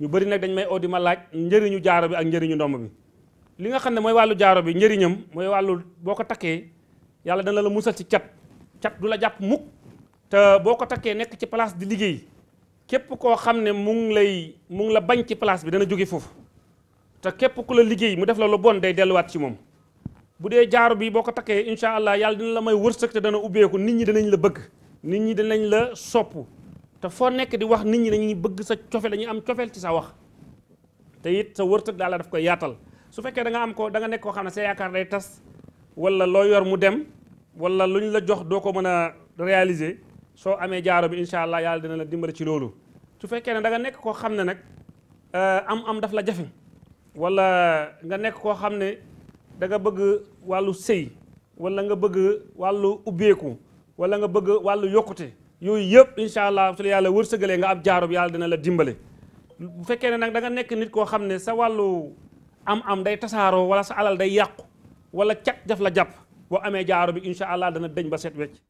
ñu bëri nag dañ may oo ma laaj njëriñu jaaro bi ak njëriñu ndomb bi li nga xam ne mooy wàllu jaaro bi njëriñam mooy wàllu boo ko takkee yàlla dana la musal ci cat cat du la jàpp mukk te boo ko takkee nekk ci place di liggéey képp koo xam ne mu lay mu la bañ ci place bi dana jóge foofu te képp ku la liggéey mu def la lu bon day delluwaat ci moom bu dee jaaro bi boo ko takkee incha allah yàlla dina la may wërsëg te dana ubbeeku nit ñi danañ la bëgg nit ñi danañ la sopp te foo nekk di wax nit ñi dañuy bëgg sa cofeel dañuy am cofeel ci sa wax te it sa wërsëg daal la daf koy yaatal su fekkee danga am ko danga nga nekk koo xam ne sa yaakaar tas wala loo yor mu dem wala lu ñu la jox doo ko mën a réaliser soo amee jaaro bi incha allah yàlla dina la dimbali ci loolu su fekkee ne da nekk koo xam ne nag euh, am am daf la jafe wala nga nekk koo xam ne da nga bëgg wàllu sëy walla nga bëgg wàllu ubbeeku wala nga bëgg wàllu yokkute yooyu yëpp incha allah su la yàlla wërsëgalee nga ab jaarub yàlla dina la dimbale bu fekkee ne nag danga nekk nit koo xam ne sa wàllu am-am day tasaaroo wala sa alal day yàqu wala cat daf la jàpp boo amee jaaro bi incha allah dana deñ ba set wecc